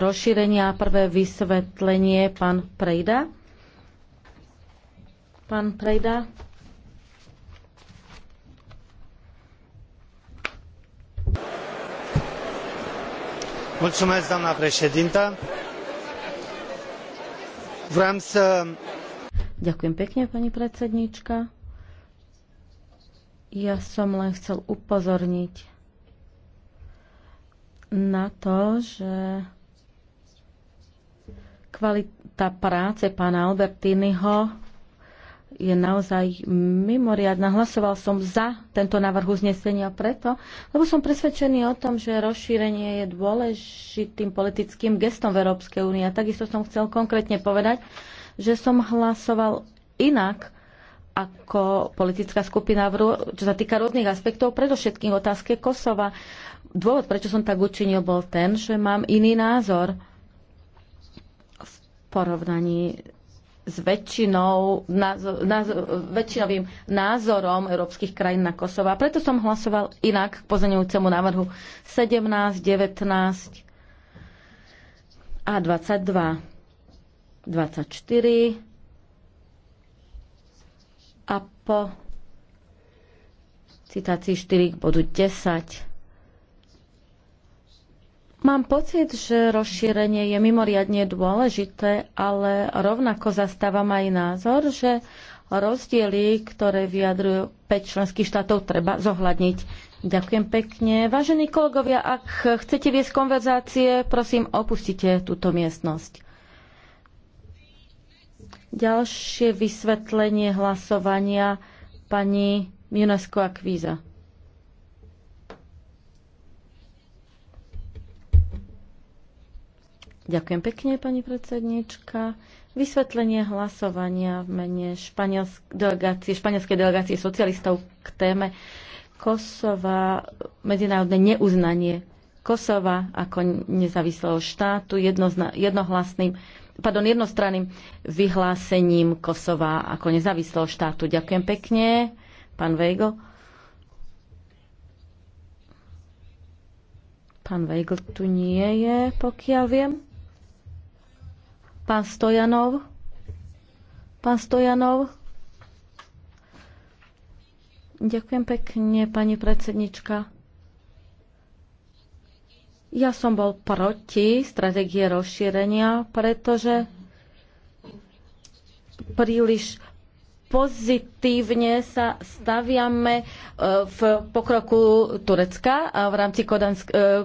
rozšírenia. Prvé vysvetlenie, pán Prejda. Pán Prejda. Mulțumesc, doamna președintă. Vreau să... Ďakujem pekne, pani predsednička. Ja som len chcel upozorniť na to, že Kvalita práce pána Albertiniho je naozaj mimoriadna. Hlasoval som za tento návrh uznesenia preto, lebo som presvedčený o tom, že rozšírenie je dôležitým politickým gestom v Európskej únie. A takisto som chcel konkrétne povedať, že som hlasoval inak ako politická skupina, čo sa týka rôznych aspektov, predovšetkým otázke Kosova. Dôvod, prečo som tak učinil, bol ten, že mám iný názor porovnaní s väčšinou, názor, názor, väčšinovým názorom európskych krajín na Kosovo. A preto som hlasoval inak k pozorňujúcemu návrhu 17, 19 a 22, 24 a po citácii 4 k bodu 10 Mám pocit, že rozšírenie je mimoriadne dôležité, ale rovnako zastávam aj názor, že rozdiely, ktoré vyjadrujú 5 členských štátov, treba zohľadniť. Ďakujem pekne. Vážení kolegovia, ak chcete viesť konverzácie, prosím, opustite túto miestnosť. Ďalšie vysvetlenie hlasovania pani Junesko Akvíza. Ďakujem pekne, pani predsednička. Vysvetlenie hlasovania v mene španielsk- delegácie, španielskej delegácie socialistov k téme Kosova, medzinárodné neuznanie Kosova ako nezávislého štátu jednozna- jednohlasným pardon, jednostranným vyhlásením Kosova ako nezávislého štátu. Ďakujem pekne, pán Vejgo. Pán Vejgo tu nie je, pokiaľ viem. Pán Stojanov? Pán Stojanov? Ďakujem pekne, pani predsednička. Ja som bol proti stratégie rozšírenia, pretože príliš pozitívne sa staviame e, v pokroku Turecka a v rámci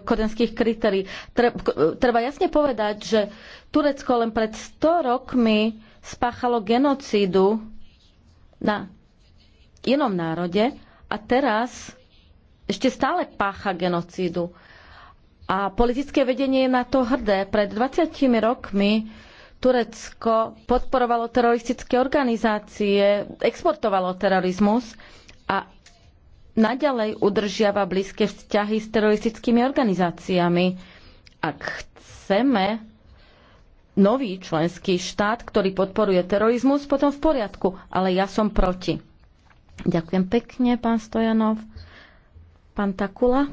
kodenských kritérií. E, treba jasne povedať, že Turecko len pred 100 rokmi spáchalo genocídu na inom národe a teraz ešte stále pácha genocídu. A politické vedenie je na to hrdé. Pred 20 rokmi Turecko podporovalo teroristické organizácie, exportovalo terorizmus a naďalej udržiava blízke vzťahy s teroristickými organizáciami. Ak chceme nový členský štát, ktorý podporuje terorizmus, potom v poriadku, ale ja som proti. Ďakujem pekne, pán Stojanov. Pán Takula.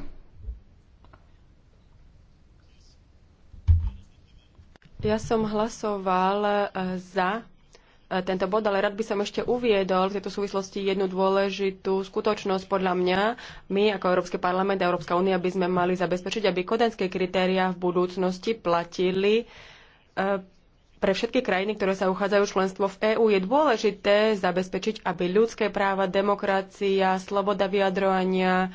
Ja som hlasoval e, za e, tento bod, ale rád by som ešte uviedol v tejto súvislosti jednu dôležitú skutočnosť. Podľa mňa my ako Európsky parlament a Európska únia by sme mali zabezpečiť, aby kodenské kritériá v budúcnosti platili e, pre všetky krajiny, ktoré sa uchádzajú členstvo v EÚ. Je dôležité zabezpečiť, aby ľudské práva, demokracia, sloboda vyjadrovania,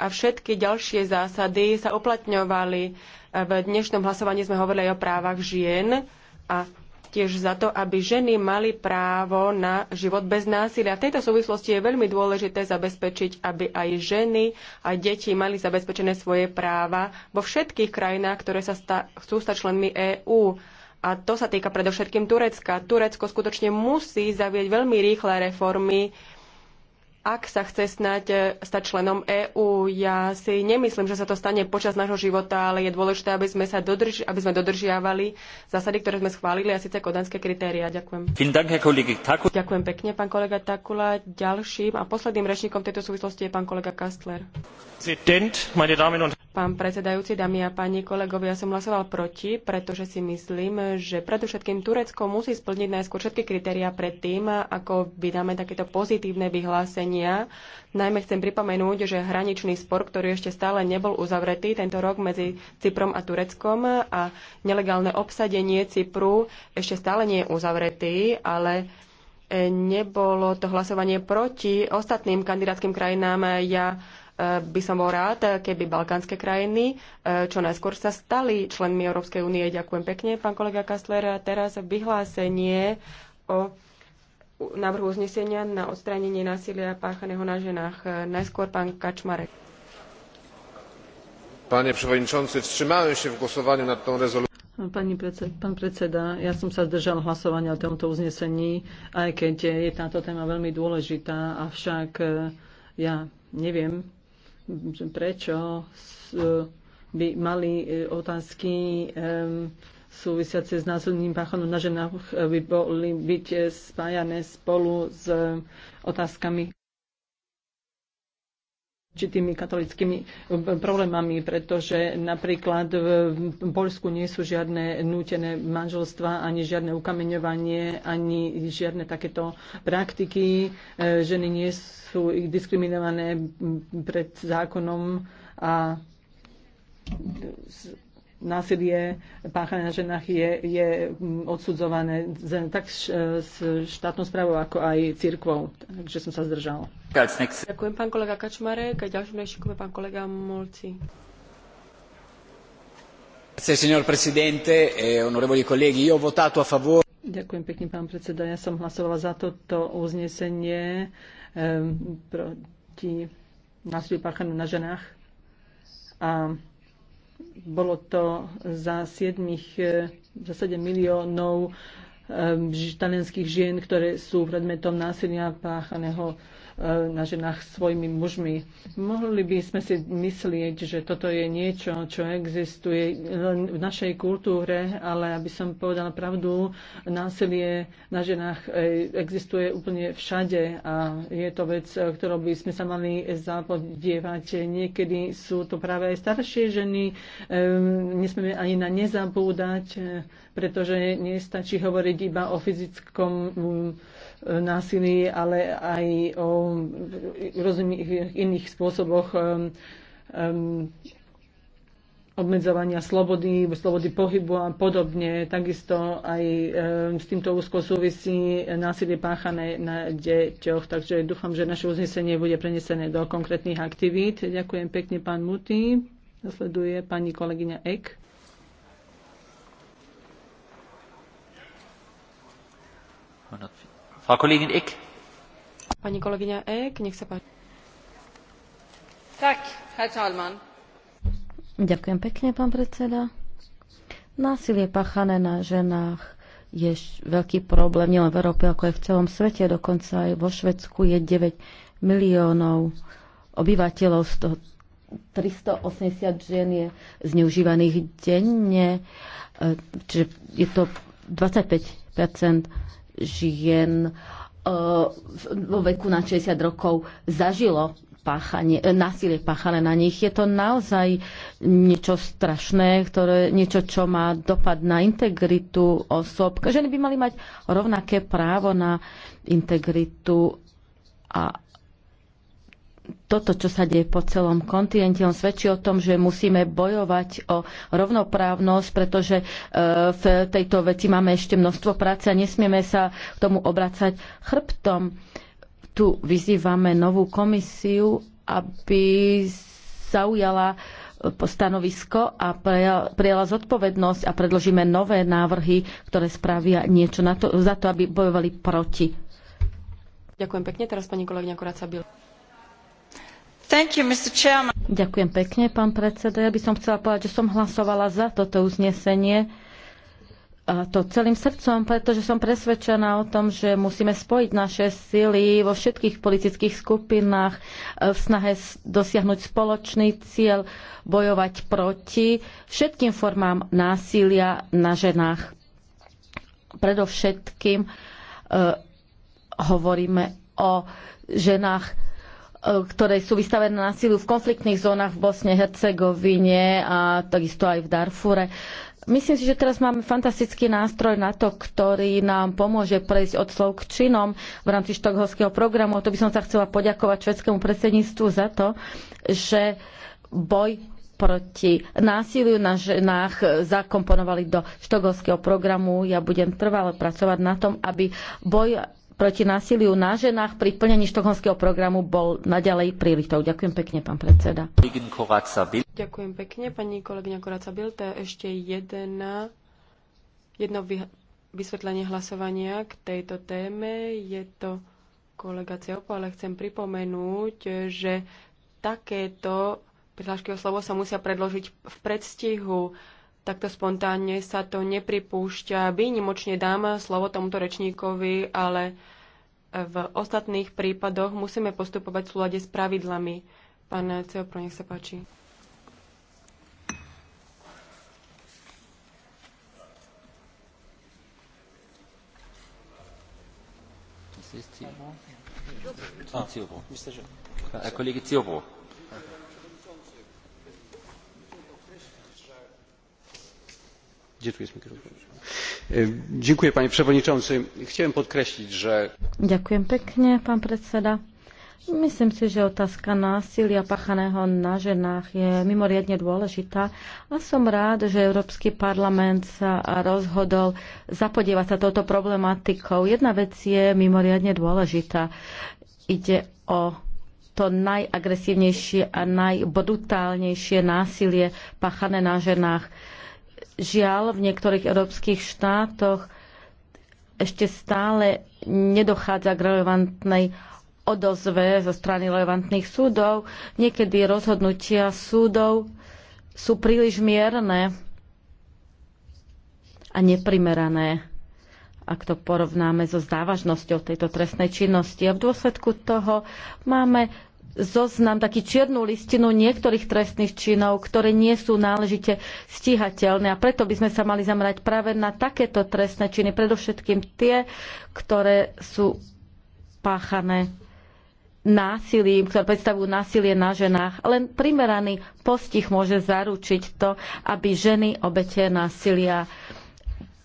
a všetky ďalšie zásady sa uplatňovali. V dnešnom hlasovaní sme hovorili aj o právach žien a tiež za to, aby ženy mali právo na život bez násilia. V tejto súvislosti je veľmi dôležité zabezpečiť, aby aj ženy a deti mali zabezpečené svoje práva vo všetkých krajinách, ktoré sa sta- chcú stať členmi EÚ. A to sa týka predovšetkým Turecka. Turecko skutočne musí zavieť veľmi rýchle reformy, ak sa chce snať, e, stať členom EÚ. Ja si nemyslím, že sa to stane počas nášho života, ale je dôležité, aby sme, sa dodrž- aby sme dodržiavali zásady, ktoré sme schválili, a síce kodanské kritéria. Ďakujem. Ďakujem pekne, pán kolega Takula. Ďalším a posledným rečníkom tejto súvislosti je pán kolega Kastler. Pán predsedajúci, dámy a páni kolegovia, ja som hlasoval proti, pretože si myslím, že predovšetkým Turecko musí splniť najskôr všetky kritériá pred tým, ako vydáme takéto pozitívne vyhlásenia. Najmä chcem pripomenúť, že hraničný spor, ktorý ešte stále nebol uzavretý tento rok medzi Cyprom a Tureckom a nelegálne obsadenie Cypru ešte stále nie je uzavretý, ale e, nebolo to hlasovanie proti ostatným kandidátským krajinám. Ja by som bol rád, keby balkánske krajiny e, čo najskôr sa stali členmi Európskej únie. Ďakujem pekne, pán kolega Kastler. A teraz vyhlásenie o návrhu uznesenia na odstránenie násilia páchaného na ženách. Najskôr pán Kačmarek. Pane przewodniczący, wstrzymałem się w głosowaniu nad tą rezolucją. Pani predsed, pán predseda, ja som sa zdržal hlasovania o tomto uznesení, aj keď je táto téma veľmi dôležitá, avšak e, ja neviem, prečo by mali e, otázky súvisiace s násilným páchanom na ženách e, by boli byť e, spájané spolu s otázkami určitými katolickými eh, problémami, pretože napríklad v Polsku nie sú žiadne nútené manželstva, ani žiadne ukameňovanie, ani žiadne takéto praktiky. Eh, ženy nie sú ich diskriminované pred zákonom a násilie páchané na ženách je, je mm, odsudzované tak s štátnou správou, ako aj církvou. Takže som sa zdržal. Ďakujem, pán kolega Kačmarek. A ďalším rečníkom pán kolega Molci. E Ďakujem pekne, pán predseda. Ja som hlasovala za toto uznesenie um, proti násiliu páchanému na ženách. A bolo to za 7, za 7 miliónov Ehm, talianských žien, ktoré sú predmetom násilia páchaného ehm, na ženách svojimi mužmi. Mohli by sme si myslieť, že toto je niečo, čo existuje len v našej kultúre, ale aby som povedala pravdu, násilie na ženách e, existuje úplne všade a je to vec, e, ktorou by sme sa mali zapodievať. Niekedy sú to práve aj staršie ženy, ehm, nesmieme ani na nezabúdať, e, pretože nestačí hovoriť iba o fyzickom mm, násilí, ale aj o rozumých iných spôsoboch um, um, obmedzovania slobody, slobody pohybu a podobne. Takisto aj um, s týmto úzko súvisí násilie páchané na deťoch. Takže dúfam, že naše uznesenie bude prenesené do konkrétnych aktivít. Ďakujem pekne, pán Muti. Nasleduje pani kolegyňa Ek. Frau Kollegin Eck. Pani kolegyňa nech sa páči. Tak, herr Talman. Ďakujem pekne, pán predseda. Násilie pachané na ženách je veľký problém nielen v Európe, ako aj v celom svete. Dokonca aj vo Švedsku je 9 miliónov obyvateľov, z toho 380 žien je zneužívaných denne, e, čiže je to 25 žien e, vo veku na 60 rokov zažilo páchanie, e, násilie páchané na nich. Je to naozaj niečo strašné, ktoré, niečo, čo má dopad na integritu osob. Ženy by mali mať rovnaké právo na integritu a toto, čo sa deje po celom kontinente, on svedčí o tom, že musíme bojovať o rovnoprávnosť, pretože e, v tejto veci máme ešte množstvo práce a nesmieme sa k tomu obracať chrbtom. Tu vyzývame novú komisiu, aby zaujala e, stanovisko a prijala zodpovednosť a predložíme nové návrhy, ktoré spravia niečo na to, za to, aby bojovali proti. Ďakujem pekne. Teraz pani kolegyňa Koraca Bila. Ďakujem pekne, pán predseda. Ja by som chcela povedať, že som hlasovala za toto uznesenie. A to celým srdcom, pretože som presvedčená o tom, že musíme spojiť naše sily vo všetkých politických skupinách e, v snahe dosiahnuť spoločný cieľ bojovať proti všetkým formám násilia na ženách. Predovšetkým e, hovoríme o ženách E, ktoré sú vystavené na sílu v konfliktných zónach v Bosne, Hercegovine a takisto aj v Darfure. Myslím si, že teraz máme fantastický nástroj na to, ktorý nám pomôže prejsť od slov k činom v rámci štokholského programu. A to by som sa chcela poďakovať švedskému predsedníctvu za to, že boj proti násiliu na ženách zakomponovali do štokholského programu. Ja budem trvale pracovať na tom, aby boj proti násiliu na ženách pri plnení štokholmského programu bol naďalej prioritou. Ďakujem pekne, pán predseda. Ďakujem pekne, pani kolegyňa Koraca je Ešte jedna, jedno vysvetlenie hlasovania k tejto téme. Je to kolega Ceopo, ale chcem pripomenúť, že takéto prihlášky o slovo sa musia predložiť v predstihu takto spontánne sa to nepripúšťa. Výnimočne dám slovo tomuto rečníkovi, ale v ostatných prípadoch musíme postupovať v súlade s pravidlami. Pán Ceopro, nech sa páči. Herr Kollege Ziobro. E, pani Chciałem podkreśliť, že... Ďakujem pekne, pán predseda. Myslím si, že otázka násilia pachaného na ženách je mimoriadne dôležitá a som rád, že Európsky parlament sa rozhodol zapodievať sa touto problematikou. Jedna vec je mimoriadne dôležitá. Ide o to najagresívnejšie a najbrutálnejšie násilie pachané na ženách Žiaľ, v niektorých európskych štátoch ešte stále nedochádza k relevantnej odozve zo strany relevantných súdov. Niekedy rozhodnutia súdov sú príliš mierne a neprimerané, ak to porovnáme so závažnosťou tejto trestnej činnosti. A v dôsledku toho máme zoznam, taký čiernu listinu niektorých trestných činov, ktoré nie sú náležite stíhateľné. A preto by sme sa mali zamerať práve na takéto trestné činy, predovšetkým tie, ktoré sú páchané násilím, ktoré predstavujú násilie na ženách. Len primeraný postih môže zaručiť to, aby ženy obete násilia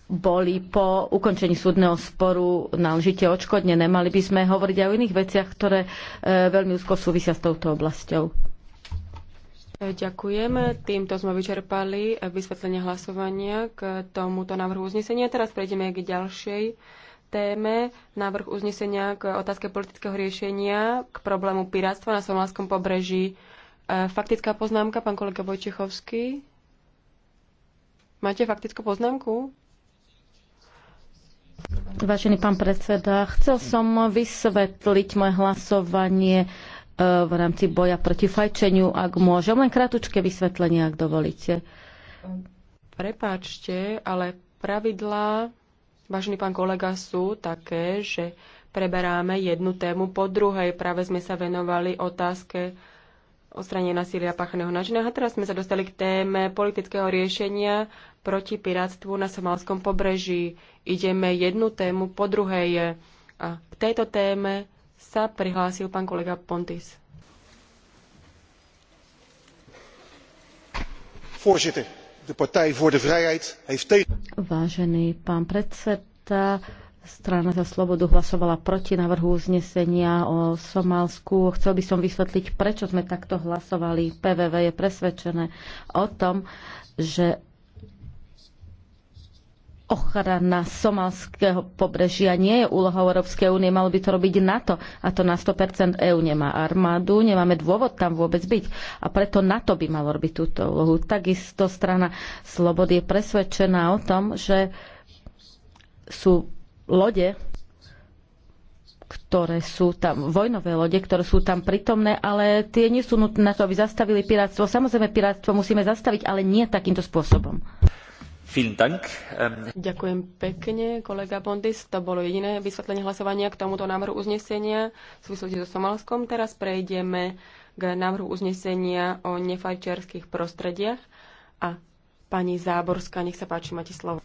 boli po ukončení súdneho sporu náležite odškodnené. Mali by sme hovoriť aj o iných veciach, ktoré e, veľmi úzko súvisia s touto oblasťou. E, ďakujem. Týmto sme vyčerpali e, vysvetlenie hlasovania k tomuto návrhu uznesenia. Teraz prejdeme k ďalšej téme. Návrh uznesenia k otázke politického riešenia k problému piráctva na Somalskom pobreží. Faktická poznámka, pán kolega Vojčechovský. Máte faktickú poznámku? Vážený pán predseda, chcel som vysvetliť moje hlasovanie e, v rámci boja proti fajčeniu, ak môžem. Len krátučké vysvetlenie, ak dovolíte. Prepáčte, ale pravidlá, vážený pán kolega, sú také, že preberáme jednu tému po druhej. Práve sme sa venovali otázke odstranenie násilia páchaného na ženách. A teraz sme sa dostali k téme politického riešenia proti pirátstvu na somalskom pobreží. Ideme jednu tému po druhej. A k tejto téme sa prihlásil pán kolega Pontis. Voorzitter, de Partij voor de Vrijheid heeft tegen... Vážený pán predseda, strana za slobodu hlasovala proti navrhu uznesenia o Somálsku. Chcel by som vysvetliť, prečo sme takto hlasovali. PVV je presvedčené o tom, že ochrana somalského pobrežia nie je úlohou Európskej únie, malo by to robiť NATO. A to na 100% EÚ nemá armádu, nemáme dôvod tam vôbec byť. A preto NATO by malo robiť túto úlohu. Takisto strana Slobody je presvedčená o tom, že sú lode, ktoré sú tam, vojnové lode, ktoré sú tam pritomné, ale tie nie sú nutné na to, aby zastavili pirátstvo. Samozrejme, pirátstvo musíme zastaviť, ale nie takýmto spôsobom. Ähm, Ďakujem pekne, kolega Bondis. To bolo jediné vysvetlenie hlasovania k tomuto návrhu uznesenia v súvislosti so Somalskom. Teraz prejdeme k návrhu uznesenia o nefajčiarských prostrediach. A pani Záborská, nech sa páči, máte slovo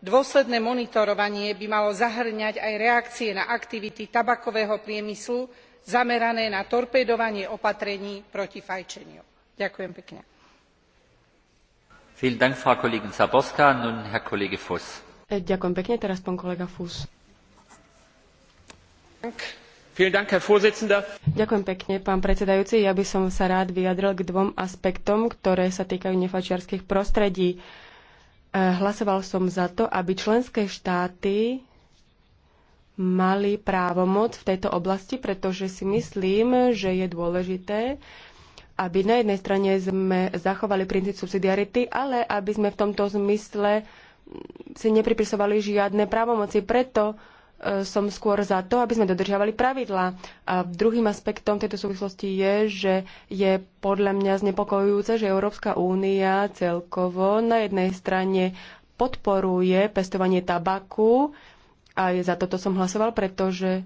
dôsledné monitorovanie by malo zahŕňať aj reakcie na aktivity tabakového priemyslu zamerané na torpédovanie opatrení proti fajčeniu. ďakujem pekne. Äh, ďakujem pekne, teraz pán kolega Fus. Ďakujem pekne, pán predsedajúci. Ja by som sa rád vyjadril k dvom aspektom, ktoré sa týkajú nefajčiarskych prostredí. E, hlasoval som za to, aby členské štáty mali právomoc v tejto oblasti, pretože si myslím, že je dôležité, aby na jednej strane sme zachovali princíp subsidiarity, ale aby sme v tomto zmysle si nepripisovali žiadne právomoci. Preto E, som skôr za to, aby sme dodržiavali pravidlá. A druhým aspektom tejto súvislosti je, že je podľa mňa znepokojujúce, že Európska únia celkovo na jednej strane podporuje pestovanie tabaku a za toto som hlasoval, pretože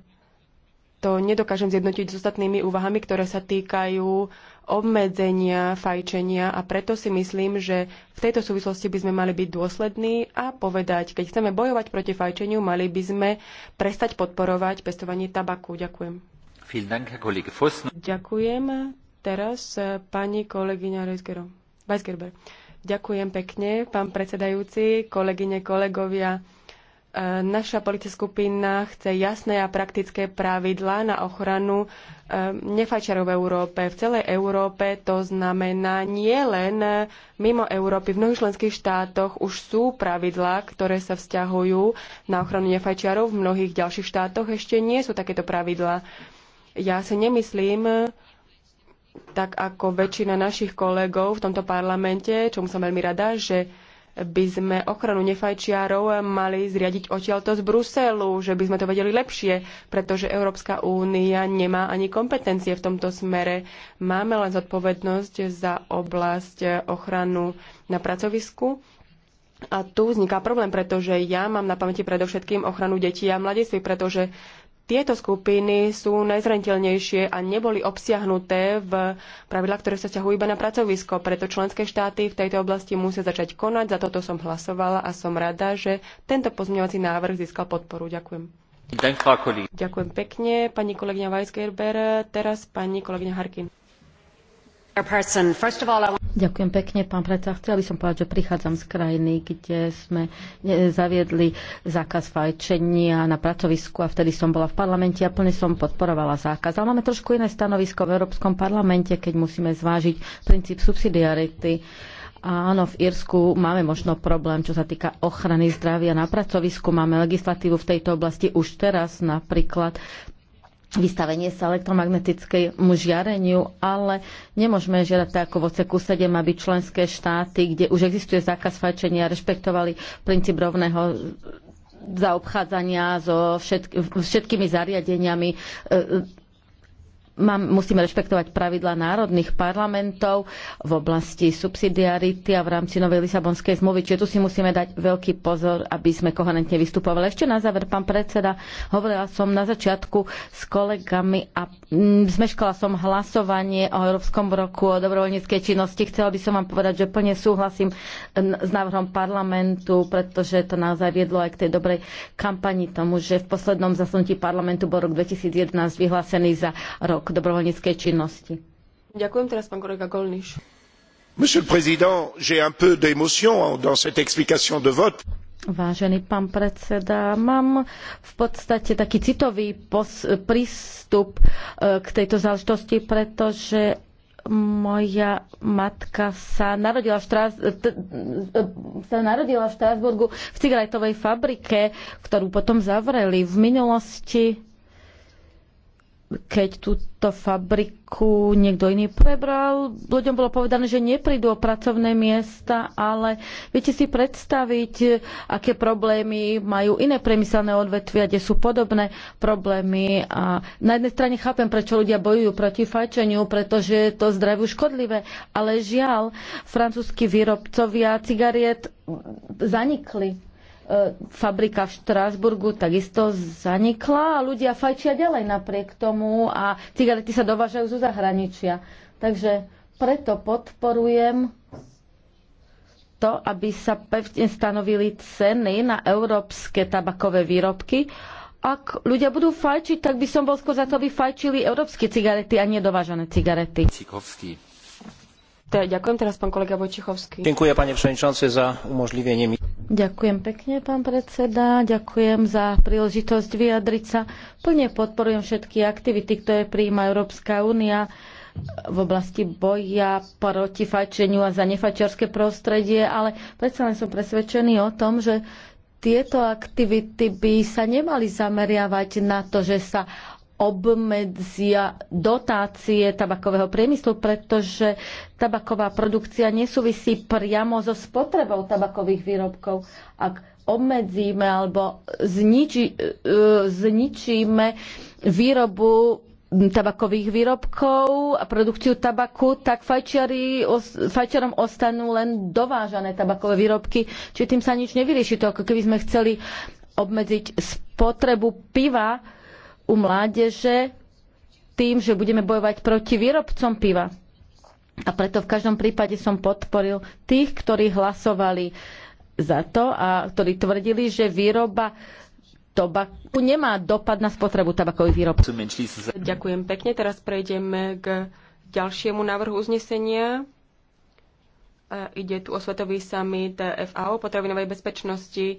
to nedokážem zjednotiť s ostatnými úvahami, ktoré sa týkajú obmedzenia fajčenia a preto si myslím, že v tejto súvislosti by sme mali byť dôslední a povedať, keď chceme bojovať proti fajčeniu, mali by sme prestať podporovať pestovanie tabaku. Ďakujem. Ďakujem. Teraz eh, pani kolegyňa Weisgerber. Ďakujem pekne, pán predsedajúci, kolegyne, kolegovia. E, naša politická skupina chce jasné a praktické pravidlá na ochranu e, nefajčarov v Európe. V celej Európe to znamená nie len e, mimo Európy. V mnohých členských štátoch už sú pravidlá, ktoré sa vzťahujú na ochranu nefajčiarov. V mnohých ďalších štátoch ešte nie sú takéto pravidlá. Ja si nemyslím, tak ako väčšina našich kolegov v tomto parlamente, čomu som veľmi rada, že by sme ochranu nefajčiarov mali zriadiť odtiaľto z Bruselu, že by sme to vedeli lepšie, pretože Európska únia nemá ani kompetencie v tomto smere. Máme len zodpovednosť za oblasť ochranu na pracovisku. A tu vzniká problém, pretože ja mám na pamäti predovšetkým ochranu detí a mladiství, pretože tieto skupiny sú najzraniteľnejšie a neboli obsiahnuté v pravidlách, ktoré sa ťahujú iba na pracovisko. Preto členské štáty v tejto oblasti musia začať konať. Za toto som hlasovala a som rada, že tento pozmeňovací návrh získal podporu. Ďakujem. Ďakujem pekne, pani kolegyňa Weisgerber. Teraz pani kolegyňa Harkin. Ďakujem pekne, pán predseda. Chcela by som povedať, že prichádzam z krajiny, kde sme e, zaviedli zákaz fajčenia na pracovisku a vtedy som bola v parlamente a plne som podporovala zákaz. Ale máme trošku iné stanovisko v Európskom parlamente, keď musíme zvážiť princíp subsidiarity. A áno, v Írsku máme možno problém, čo sa týka ochrany zdravia na pracovisku. Máme legislatívu v tejto oblasti už teraz napríklad vystavenie sa elektromagnetickému žiareniu, ale nemôžeme žiadať tak ako v oceku 7, aby členské štáty, kde už existuje zákaz fajčenia, rešpektovali princíp rovného zaobchádzania so všetkými zariadeniami e, mám, musíme rešpektovať pravidla národných parlamentov v oblasti subsidiarity a v rámci novej Lisabonskej zmluvy. Čiže tu si musíme dať veľký pozor, aby sme koherentne vystupovali. Ešte na záver, pán predseda, hovorila som na začiatku s kolegami a mm, zmeškala som hlasovanie o Európskom roku o dobrovoľníckej činnosti. Chcela by som vám povedať, že plne súhlasím s návrhom parlamentu, pretože to naozaj viedlo aj k tej dobrej kampani tomu, že v poslednom zasunutí parlamentu bol rok 2011 vyhlásený za rok k dobrovoľníckej činnosti. Ďakujem teraz pán kolega Golniš. Monsieur le Président, j'ai un peu d'émotion dans cette explication de vote. Vážený pán predseda, mám v podstate taký citový prístup e, k tejto záležitosti, pretože moja matka sa narodila v, Štrás- e, sa narodila v Štrásburgu v cigaretovej fabrike, ktorú potom zavreli. V minulosti keď túto fabriku niekto iný prebral, ľuďom bolo povedané, že neprídu o pracovné miesta, ale viete si predstaviť, aké problémy majú iné priemyselné odvetvia, kde sú podobné problémy. A na jednej strane chápem, prečo ľudia bojujú proti fajčeniu, pretože je to zdraviu škodlivé, ale žiaľ, francúzski výrobcovia cigariet zanikli E, fabrika v Štrásburgu takisto zanikla a ľudia fajčia ďalej napriek tomu a cigarety sa dovážajú zo zahraničia. Takže preto podporujem to, aby sa pevne stanovili ceny na európske tabakové výrobky. Ak ľudia budú fajčiť, tak by som bol skôr za to, aby fajčili európske cigarety a nedovážané cigarety. Cikovský. Ďakujem teraz pán kolega Vojčichovský. Ďakujem, pane przewodniczący, za umožlivenie mi Ďakujem pekne, pán predseda. Ďakujem za príležitosť vyjadriť sa. Plne podporujem všetky aktivity, ktoré prijíma Európska únia v oblasti boja proti fajčeniu a za nefajčiarske prostredie, ale predsa len som presvedčený o tom, že tieto aktivity by sa nemali zameriavať na to, že sa obmedzia dotácie tabakového priemyslu, pretože tabaková produkcia nesúvisí priamo so spotrebou tabakových výrobkov. Ak obmedzíme alebo zniči, e, zničíme výrobu tabakových výrobkov a produkciu tabaku, tak fajčiari, fajčiarom ostanú len dovážané tabakové výrobky, či tým sa nič nevyrieši. To ako keby sme chceli obmedziť spotrebu piva, u mládeže tým, že budeme bojovať proti výrobcom piva. A preto v každom prípade som podporil tých, ktorí hlasovali za to a ktorí tvrdili, že výroba tobaku nemá dopad na spotrebu tabakových výrobcov. Ďakujem pekne. Teraz prejdeme k ďalšiemu návrhu uznesenia. E, ide tu o svetový summit FAO potravinovej bezpečnosti.